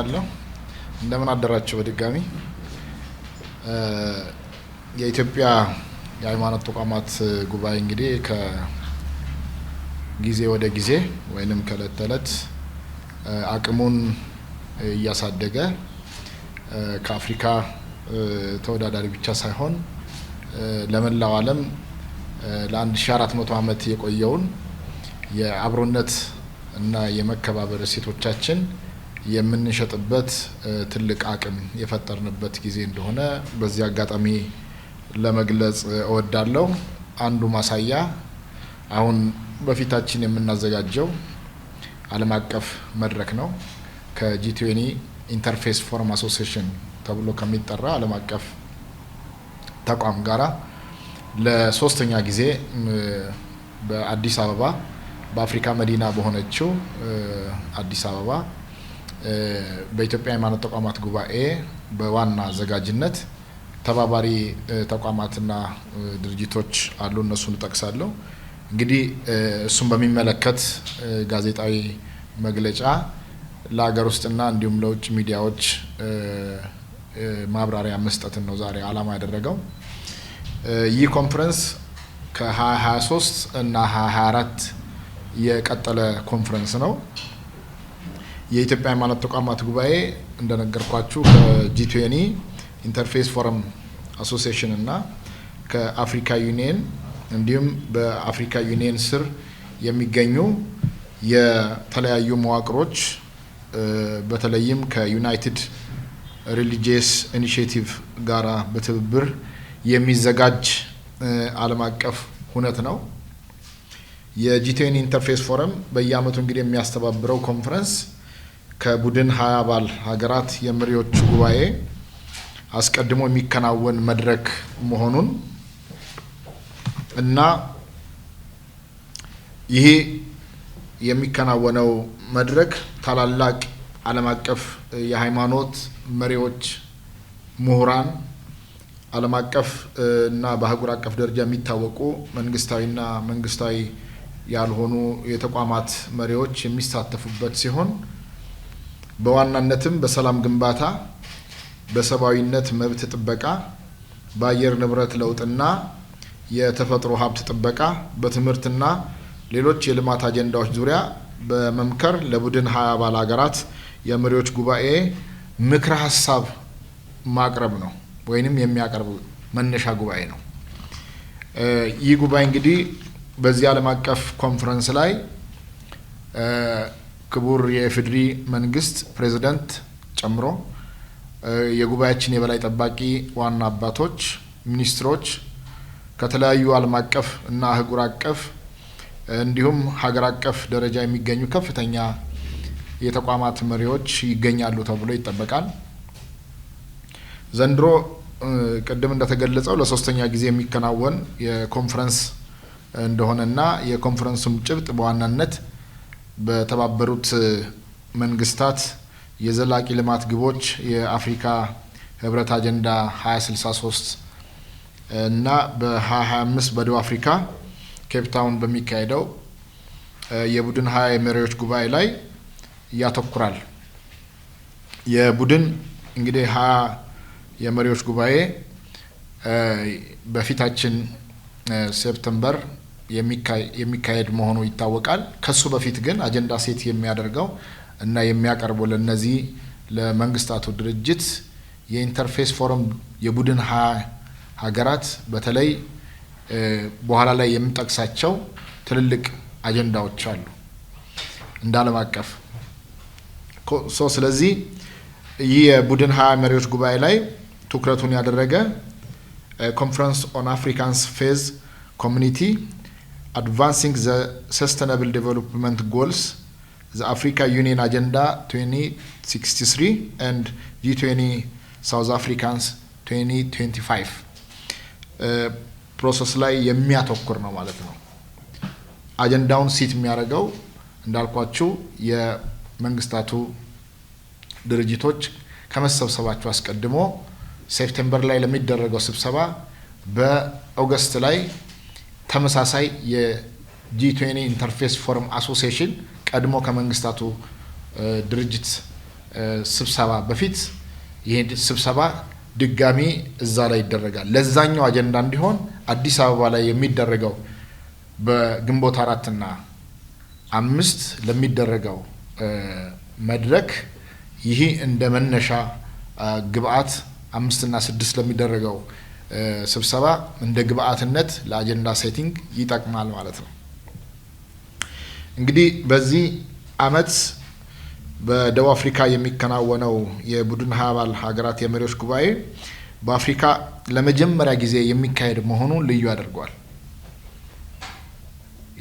አመሰግናለሁ። እንደምን አደራቸው። በድጋሚ የኢትዮጵያ የሃይማኖት ተቋማት ጉባኤ እንግዲህ ከጊዜ ወደ ጊዜ ወይንም ከእለት ተእለት አቅሙን እያሳደገ ከአፍሪካ ተወዳዳሪ ብቻ ሳይሆን ለመላው ዓለም ለ1400 ዓመት የቆየውን የአብሮነት እና የመከባበር እሴቶቻችን የምንሸጥበት ትልቅ አቅም የፈጠርንበት ጊዜ እንደሆነ በዚህ አጋጣሚ ለመግለጽ እወዳለሁ። አንዱ ማሳያ አሁን በፊታችን የምናዘጋጀው ዓለም አቀፍ መድረክ ነው። ከጂትዌኒ ኢንተርፌስ ፎረም አሶሲሽን ተብሎ ከሚጠራ ዓለም አቀፍ ተቋም ጋራ ለሶስተኛ ጊዜ በአዲስ አበባ በአፍሪካ መዲና በሆነችው አዲስ አበባ በኢትዮጵያ ሃይማኖት ተቋማት ጉባኤ በዋና አዘጋጅነት ተባባሪ ተቋማትና ድርጅቶች አሉ። እነሱን እጠቅሳለሁ። እንግዲህ እሱን በሚመለከት ጋዜጣዊ መግለጫ ለሀገር ውስጥና እንዲሁም ለውጭ ሚዲያዎች ማብራሪያ መስጠትን ነው ዛሬ አላማ ያደረገው። ይህ ኮንፈረንስ ከ2023 እና 2024 የቀጠለ ኮንፈረንስ ነው። የኢትዮጵያ ሃይማኖት ተቋማት ጉባኤ እንደነገርኳችሁ ከጂትዌኒ ኢንተርፌስ ፎረም አሶሲሽን እና ከአፍሪካ ዩኒየን እንዲሁም በአፍሪካ ዩኒየን ስር የሚገኙ የተለያዩ መዋቅሮች በተለይም ከዩናይትድ ሪሊጂየስ ኢኒሽቲቭ ጋራ በትብብር የሚዘጋጅ ዓለም አቀፍ ሁነት ነው። ኢንተርፌስ ፎረም በየአመቱ እንግዲህ የሚያስተባብረው ኮንፈረንስ ከቡድን ሀያ አባል ሀገራት የመሪዎች ጉባኤ አስቀድሞ የሚከናወን መድረክ መሆኑን እና ይሄ የሚከናወነው መድረክ ታላላቅ ዓለም አቀፍ የሃይማኖት መሪዎች፣ ምሁራን፣ ዓለም አቀፍ እና በአህጉር አቀፍ ደረጃ የሚታወቁ መንግስታዊና መንግስታዊ ያልሆኑ የተቋማት መሪዎች የሚሳተፉበት ሲሆን በዋናነትም በሰላም ግንባታ፣ በሰብአዊነት መብት ጥበቃ፣ በአየር ንብረት ለውጥና የተፈጥሮ ሀብት ጥበቃ፣ በትምህርትና ሌሎች የልማት አጀንዳዎች ዙሪያ በመምከር ለቡድን ሀያ አባል ሀገራት የመሪዎች ጉባኤ ምክረ ሀሳብ ማቅረብ ነው ወይንም የሚያቀርብ መነሻ ጉባኤ ነው። ይህ ጉባኤ እንግዲህ በዚህ ዓለም አቀፍ ኮንፈረንስ ላይ ክቡር የኢፌዴሪ መንግስት ፕሬዝደንት ጨምሮ የጉባኤያችን የበላይ ጠባቂ ዋና አባቶች፣ ሚኒስትሮች ከተለያዩ ዓለም አቀፍ እና አህጉር አቀፍ እንዲሁም ሀገር አቀፍ ደረጃ የሚገኙ ከፍተኛ የተቋማት መሪዎች ይገኛሉ ተብሎ ይጠበቃል። ዘንድሮ ቅድም እንደተገለጸው ለሶስተኛ ጊዜ የሚከናወን የኮንፈረንስ እንደሆነና የኮንፈረንሱም ጭብጥ በዋናነት በተባበሩት መንግስታት የዘላቂ ልማት ግቦች የአፍሪካ ህብረት አጀንዳ 2063 እና በ2025 በደቡብ አፍሪካ ኬፕታውን በሚካሄደው የቡድን ሀያ የመሪዎች ጉባኤ ላይ ያተኩራል። የቡድን እንግዲህ ሀያ የመሪዎች ጉባኤ በፊታችን ሴፕተምበር የሚካሄድ መሆኑ ይታወቃል። ከሱ በፊት ግን አጀንዳ ሴት የሚያደርገው እና የሚያቀርበው ለነዚህ ለመንግስታቱ ድርጅት የኢንተርፌስ ፎረም የቡድን ሀያ ሀገራት በተለይ በኋላ ላይ የምንጠቅሳቸው ትልልቅ አጀንዳዎች አሉ እንደ ዓለም አቀፍ ሶ ስለዚህ ይህ የቡድን ሀያ መሪዎች ጉባኤ ላይ ትኩረቱን ያደረገ ኮንፈረንስ ኦን አፍሪካንስ ፌዝ ኮሚኒቲ advancing the sustainable development goals, the Africa Union Agenda 2063 and G20 ሳውዝ አፍሪካንስ 2025 ፕሮሰስ ላይ የሚያተኩር ነው ማለት ነው። አጀንዳውን ሲት የሚያደርገው እንዳልኳችሁ የመንግስታቱ ድርጅቶች ከመሰብሰባቸው አስቀድሞ ሴፕቴምበር ላይ ለሚደረገው ስብሰባ በኦገስት ላይ ተመሳሳይ የጂ ኢንተርፌስ ፎረም አሶሲሽን ቀድሞ ከመንግስታቱ ድርጅት ስብሰባ በፊት ይህ ስብሰባ ድጋሚ እዛ ላይ ይደረጋል። ለዛኛው አጀንዳ እንዲሆን አዲስ አበባ ላይ የሚደረገው በግንቦት አራትና አምስት ለሚደረገው መድረክ ይህ እንደ መነሻ ግብአት አምስትና ስድስት ለሚደረገው ስብሰባ እንደ ግብአትነት ለአጀንዳ ሴቲንግ ይጠቅማል ማለት ነው። እንግዲህ በዚህ አመት በደቡብ አፍሪካ የሚከናወነው የቡድን ሀያ አባል ሀገራት የመሪዎች ጉባኤ በአፍሪካ ለመጀመሪያ ጊዜ የሚካሄድ መሆኑን ልዩ አድርጓል።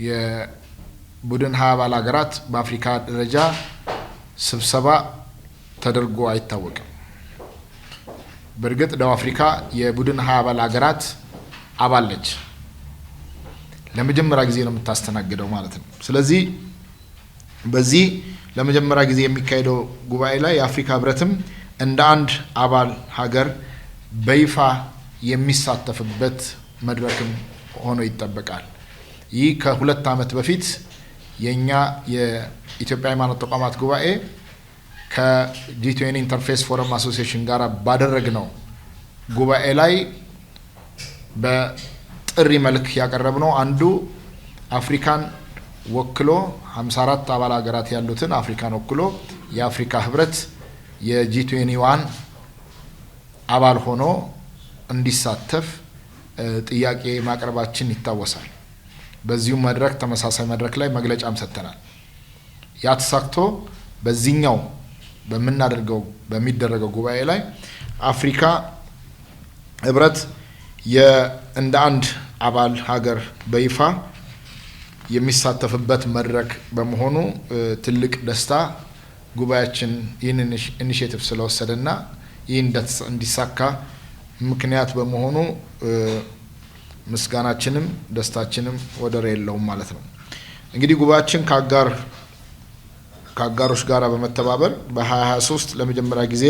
የቡድን ሀያ አባል ሀገራት በአፍሪካ ደረጃ ስብሰባ ተደርጎ አይታወቅም። በእርግጥ ደቡብ አፍሪካ የቡድን ሀያ አባል ሀገራት አባል ነች። ለመጀመሪያ ጊዜ ነው የምታስተናግደው ማለት ነው። ስለዚህ በዚህ ለመጀመሪያ ጊዜ የሚካሄደው ጉባኤ ላይ የአፍሪካ ህብረትም እንደ አንድ አባል ሀገር በይፋ የሚሳተፍበት መድረክም ሆኖ ይጠበቃል። ይህ ከሁለት ዓመት በፊት የእኛ የኢትዮጵያ ሃይማኖት ተቋማት ጉባኤ ከጂቲዩኤን ኢንተርፌስ ፎረም አሶሲሽን ጋር ባደረግ ነው። ጉባኤ ላይ በጥሪ መልክ ነው። አንዱ አፍሪካን ወክሎ 54 አባል ሀገራት ያሉትን አፍሪካን ወክሎ የአፍሪካ ህብረት የጂቲዩኤን ዋን አባል ሆኖ እንዲሳተፍ ጥያቄ ማቅረባችን ይታወሳል። በዚሁ መድረክ ተመሳሳይ መድረክ ላይ መግለጫም ሰጥተናል። ያ ተሳክቶ በዚህኛው በምናደርገው በሚደረገው ጉባኤ ላይ አፍሪካ ህብረት እንደ አንድ አባል ሀገር በይፋ የሚሳተፍበት መድረክ በመሆኑ ትልቅ ደስታ ጉባኤያችን ይህን ኢኒሽቲቭ ስለወሰደና ይህ እንዲሳካ ምክንያት በመሆኑ ምስጋናችንም ደስታችንም ወደር የለውም ማለት ነው። እንግዲህ ጉባኤያችን ከአጋር ከአጋሮች ጋር በመተባበር በ2023 ለመጀመሪያ ጊዜ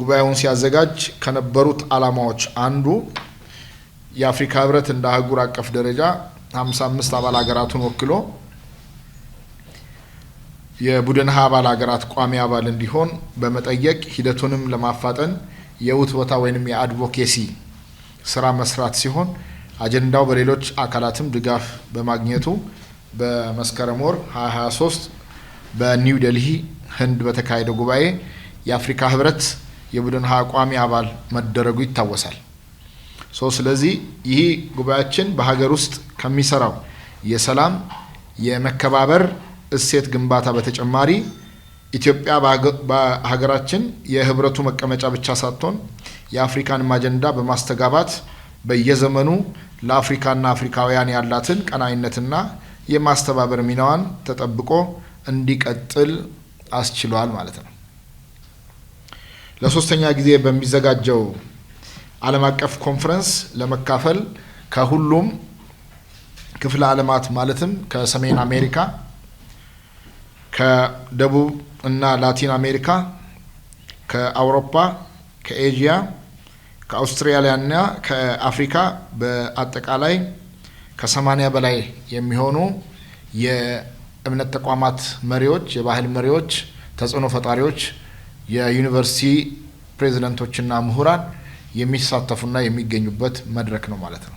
ጉባኤውን ሲያዘጋጅ ከነበሩት ዓላማዎች አንዱ የአፍሪካ ህብረት እንደ አህጉር አቀፍ ደረጃ 55 አባል ሀገራቱን ወክሎ የቡድን ሀ አባል ሀገራት ቋሚ አባል እንዲሆን በመጠየቅ ሂደቱንም ለማፋጠን የውትወታ ወይም የአድቮኬሲ ስራ መስራት ሲሆን አጀንዳው በሌሎች አካላትም ድጋፍ በማግኘቱ በመስከረም ወር 2023 በኒው ደልሂ ህንድ በተካሄደው ጉባኤ የአፍሪካ ህብረት የቡድን ሀያ ቋሚ አባል መደረጉ ይታወሳል። ሶ ስለዚህ ይህ ጉባኤያችን በሀገር ውስጥ ከሚሰራው የሰላም የመከባበር እሴት ግንባታ በተጨማሪ ኢትዮጵያ በሀገራችን የህብረቱ መቀመጫ ብቻ ሳትሆን የአፍሪካን አጀንዳ በማስተጋባት በየዘመኑ ለአፍሪካና አፍሪካውያን ያላትን ቀናይነትና የማስተባበር ሚናዋን ተጠብቆ እንዲቀጥል አስችሏል ማለት ነው። ለሶስተኛ ጊዜ በሚዘጋጀው ዓለም አቀፍ ኮንፈረንስ ለመካፈል ከሁሉም ክፍለ ዓለማት ማለትም ከሰሜን አሜሪካ፣ ከደቡብ እና ላቲን አሜሪካ፣ ከአውሮፓ፣ ከኤዥያ፣ ከአውስትራሊያ ከአፍሪካ በአጠቃላይ ከሰማኒያ በላይ የሚሆኑ የ እምነት ተቋማት መሪዎች፣ የባህል መሪዎች፣ ተጽዕኖ ፈጣሪዎች፣ የዩኒቨርሲቲ ፕሬዝደንቶችና ምሁራን የሚሳተፉና የሚገኙበት መድረክ ነው ማለት ነው።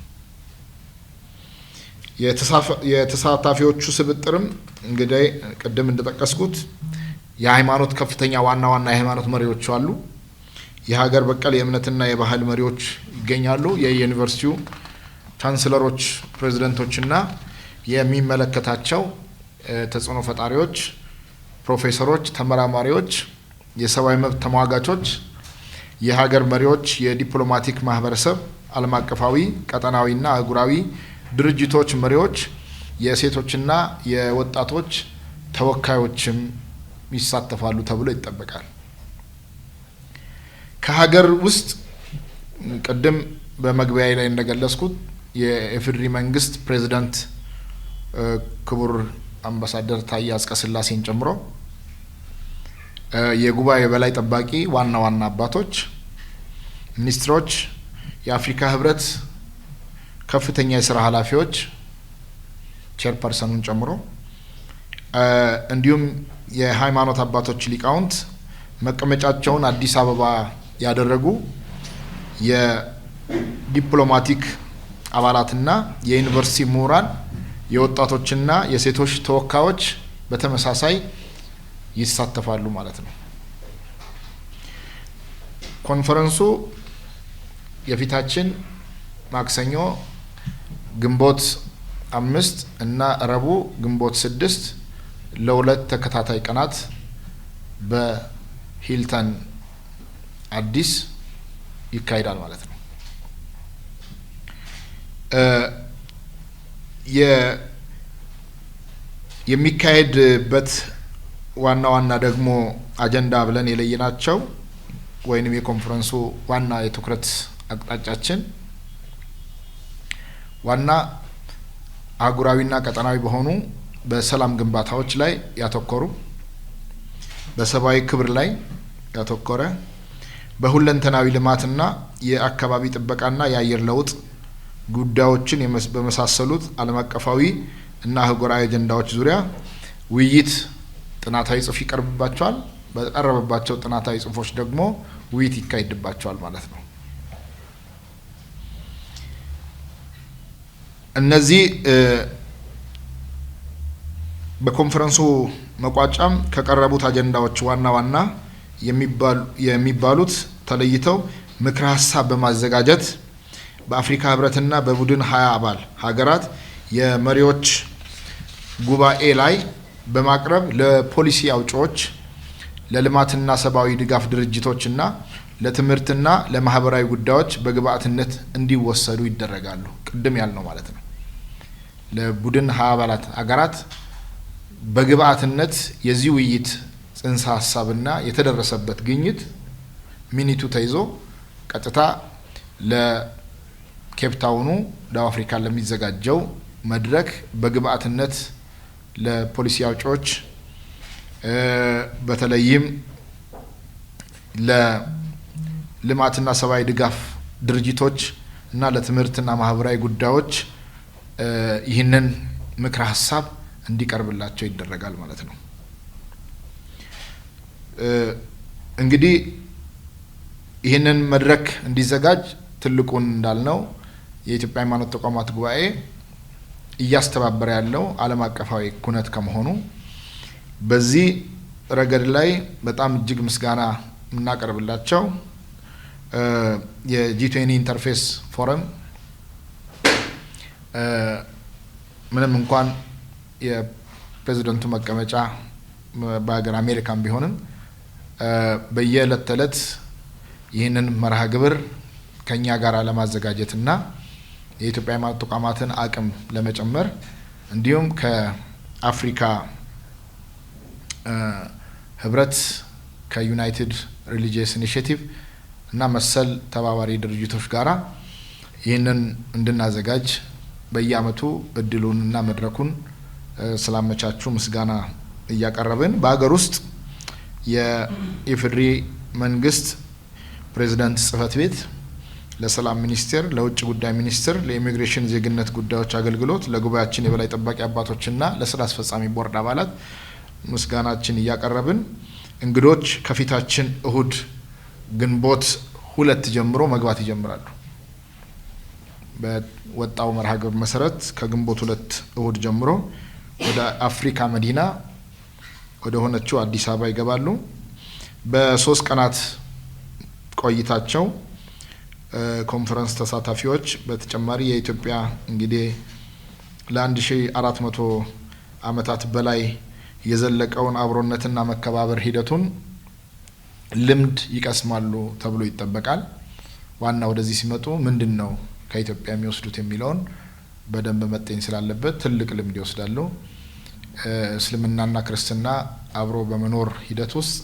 የተሳታፊዎቹ ስብጥርም እንግዲህ ቅድም እንደጠቀስኩት የሃይማኖት ከፍተኛ ዋና ዋና የሃይማኖት መሪዎች አሉ። የሀገር በቀል የእምነትና የባህል መሪዎች ይገኛሉ። የዩኒቨርሲቲው ቻንስለሮች፣ ፕሬዝደንቶችና የሚመለከታቸው ተጽዕኖ ፈጣሪዎች፣ ፕሮፌሰሮች፣ ተመራማሪዎች፣ የሰብአዊ መብት ተሟጋቾች፣ የሀገር መሪዎች፣ የዲፕሎማቲክ ማህበረሰብ፣ ዓለም አቀፋዊ ቀጠናዊና አህጉራዊ ድርጅቶች መሪዎች፣ የሴቶችና የወጣቶች ተወካዮችም ይሳተፋሉ ተብሎ ይጠበቃል። ከሀገር ውስጥ ቅድም በመግቢያ ላይ እንደገለጽኩት የኢፌዴሪ መንግስት ፕሬዚዳንት ክቡር አምባሳደር ታዬ አጽቀሥላሴን ጨምሮ የጉባኤ በላይ ጠባቂ ዋና ዋና አባቶች፣ ሚኒስትሮች፣ የአፍሪካ ህብረት ከፍተኛ የስራ ኃላፊዎች ቼርፐርሰኑን ጨምሮ እንዲሁም የሃይማኖት አባቶች፣ ሊቃውንት መቀመጫቸውን አዲስ አበባ ያደረጉ የዲፕሎማቲክ አባላትና የዩኒቨርሲቲ ምሁራን የወጣቶችና የሴቶች ተወካዮች በተመሳሳይ ይሳተፋሉ ማለት ነው። ኮንፈረንሱ የፊታችን ማክሰኞ ግንቦት አምስት እና ረቡ ግንቦት ስድስት ለሁለት ተከታታይ ቀናት በሂልተን አዲስ ይካሄዳል ማለት ነው። የሚካሄድበት ዋና ዋና ደግሞ አጀንዳ ብለን የለየናቸው ወይንም የኮንፈረንሱ ዋና የትኩረት አቅጣጫችን ዋና አህጉራዊና ቀጠናዊ በሆኑ በሰላም ግንባታዎች ላይ ያተኮሩ፣ በሰብአዊ ክብር ላይ ያተኮረ፣ በሁለንተናዊ ልማትና የአካባቢ ጥበቃና የአየር ለውጥ ጉዳዮችን በመሳሰሉት ዓለም አቀፋዊ እና አህጉራዊ አጀንዳዎች ዙሪያ ውይይት ጥናታዊ ጽሁፍ ይቀርብባቸዋል። በቀረበባቸው ጥናታዊ ጽሁፎች ደግሞ ውይይት ይካሄድባቸዋል ማለት ነው። እነዚህ በኮንፈረንሱ መቋጫም ከቀረቡት አጀንዳዎች ዋና ዋና የሚባሉት ተለይተው ምክረ ሀሳብ በማዘጋጀት በአፍሪካ ህብረትና በቡድን ሀያ አባል ሀገራት የመሪዎች ጉባኤ ላይ በማቅረብ ለፖሊሲ አውጪዎች፣ ለልማትና ሰብአዊ ድጋፍ ድርጅቶችና ለትምህርትና ለማህበራዊ ጉዳዮች በግብአትነት እንዲወሰዱ ይደረጋሉ። ቅድም ያልነው ማለት ነው። ለቡድን ሀያ አባላት ሀገራት በግብአትነት የዚህ ውይይት ጽንሰ ሀሳብና የተደረሰበት ግኝት ሚኒቱ ተይዞ ቀጥታ ኬፕታውኑ ደቡብ አፍሪካ ለሚዘጋጀው መድረክ በግብአትነት ለፖሊሲ አውጪዎች በተለይም ለልማትና ሰብአዊ ድጋፍ ድርጅቶች እና ለትምህርትና ማህበራዊ ጉዳዮች ይህንን ምክረ ሀሳብ እንዲቀርብላቸው ይደረጋል ማለት ነው። እንግዲህ ይህንን መድረክ እንዲዘጋጅ ትልቁን እንዳልነው የኢትዮጵያ ሃይማኖት ተቋማት ጉባኤ እያስተባበረ ያለው ዓለም አቀፋዊ ኩነት ከመሆኑ በዚህ ረገድ ላይ በጣም እጅግ ምስጋና የምናቀርብላቸው የጂቶኒ ኢንተርፌስ ፎረም ምንም እንኳን የፕሬዚደንቱ መቀመጫ በሀገር አሜሪካን ቢሆንም በየዕለት ተዕለት ይህንን መርሃ ግብር ከእኛ ጋር ለማዘጋጀትና የኢትዮጵያ ሃይማኖት ተቋማትን አቅም ለመጨመር እንዲሁም ከአፍሪካ ህብረት ከዩናይትድ ሪሊጂየስ ኢኒሽቲቭ እና መሰል ተባባሪ ድርጅቶች ጋራ ይህንን እንድናዘጋጅ በየአመቱ እድሉንና መድረኩን ስላመቻቹ ምስጋና እያቀረብን በሀገር ውስጥ የኢፌዴሪ መንግስት ፕሬዚደንት ጽህፈት ቤት ለሰላም ሚኒስቴር፣ ለውጭ ጉዳይ ሚኒስቴር፣ ለኢሚግሬሽን ዜግነት ጉዳዮች አገልግሎት፣ ለጉባኤያችን የበላይ ጠባቂ አባቶችና ለስራ አስፈጻሚ ቦርድ አባላት ምስጋናችን እያቀረብን እንግዶች ከፊታችን እሁድ ግንቦት ሁለት ጀምሮ መግባት ይጀምራሉ። በወጣው መርሃ ግብር መሰረት ከግንቦት ሁለት እሁድ ጀምሮ ወደ አፍሪካ መዲና ወደ ሆነችው አዲስ አበባ ይገባሉ። በሶስት ቀናት ቆይታቸው ኮንፈረንስ ተሳታፊዎች በተጨማሪ የኢትዮጵያ እንግዲህ ለአንድ ሺ አራት መቶ አመታት በላይ የዘለቀውን አብሮነትና መከባበር ሂደቱን ልምድ ይቀስማሉ ተብሎ ይጠበቃል። ዋና ወደዚህ ሲመጡ ምንድን ነው ከኢትዮጵያ የሚወስዱት የሚለውን በደንብ መጤኝ ስላለበት ትልቅ ልምድ ይወስዳሉ። እስልምናና ክርስትና አብሮ በመኖር ሂደት ውስጥ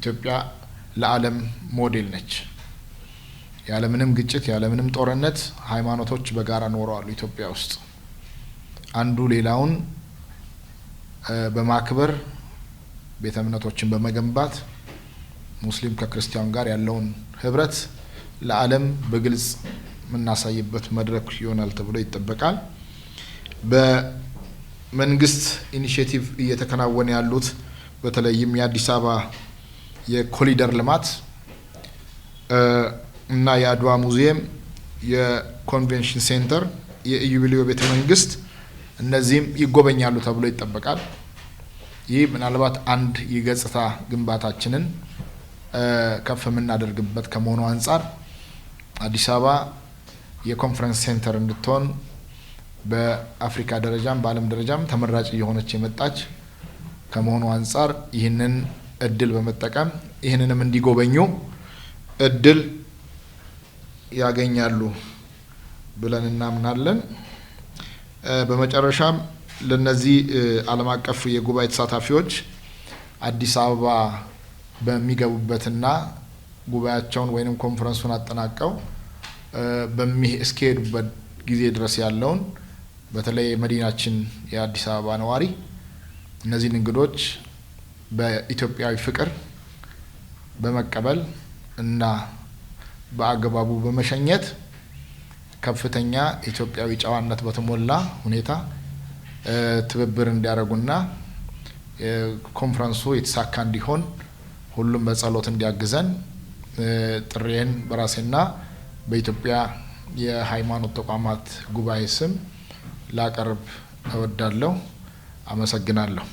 ኢትዮጵያ ለዓለም ሞዴል ነች። ያለምንም ግጭት ያለምንም ጦርነት ሃይማኖቶች በጋራ ኖረዋሉ። ኢትዮጵያ ውስጥ አንዱ ሌላውን በማክበር ቤተ እምነቶችን በመገንባት ሙስሊም ከክርስቲያን ጋር ያለውን ህብረት ለዓለም በግልጽ የምናሳይበት መድረክ ይሆናል ተብሎ ይጠበቃል። በመንግስት ኢኒሽቲቭ እየተከናወነ ያሉት በተለይም የአዲስ አበባ የኮሊደር ልማት እና የአድዋ ሙዚየም፣ የኮንቬንሽን ሴንተር፣ የኢዩቢሊዮ ቤተ መንግስት እነዚህም ይጎበኛሉ ተብሎ ይጠበቃል። ይህ ምናልባት አንድ የገጽታ ግንባታችንን ከፍ የምናደርግበት ከመሆኑ አንጻር አዲስ አበባ የኮንፈረንስ ሴንተር እንድትሆን በአፍሪካ ደረጃም በዓለም ደረጃም ተመራጭ እየሆነች የመጣች ከመሆኑ አንጻር ይህንን እድል በመጠቀም ይህንንም እንዲጎበኙ እድል ያገኛሉ ብለን እናምናለን። በመጨረሻም ለነዚህ ዓለም አቀፍ የጉባኤ ተሳታፊዎች አዲስ አበባ በሚገቡበትና ጉባኤያቸውን ወይም ኮንፈረንሱን አጠናቀው እስኪሄዱበት ጊዜ ድረስ ያለውን በተለይ የመዲናችን የአዲስ አበባ ነዋሪ እነዚህን እንግዶች በኢትዮጵያዊ ፍቅር በመቀበል እና በአግባቡ በመሸኘት ከፍተኛ ኢትዮጵያዊ ጨዋነት በተሞላ ሁኔታ ትብብር እንዲያደርጉና ኮንፈረንሱ የተሳካ እንዲሆን ሁሉም በጸሎት እንዲያግዘን ጥሬን በራሴና በኢትዮጵያ የሃይማኖት ተቋማት ጉባኤ ስም ላቀርብ እወዳለሁ። አመሰግናለሁ።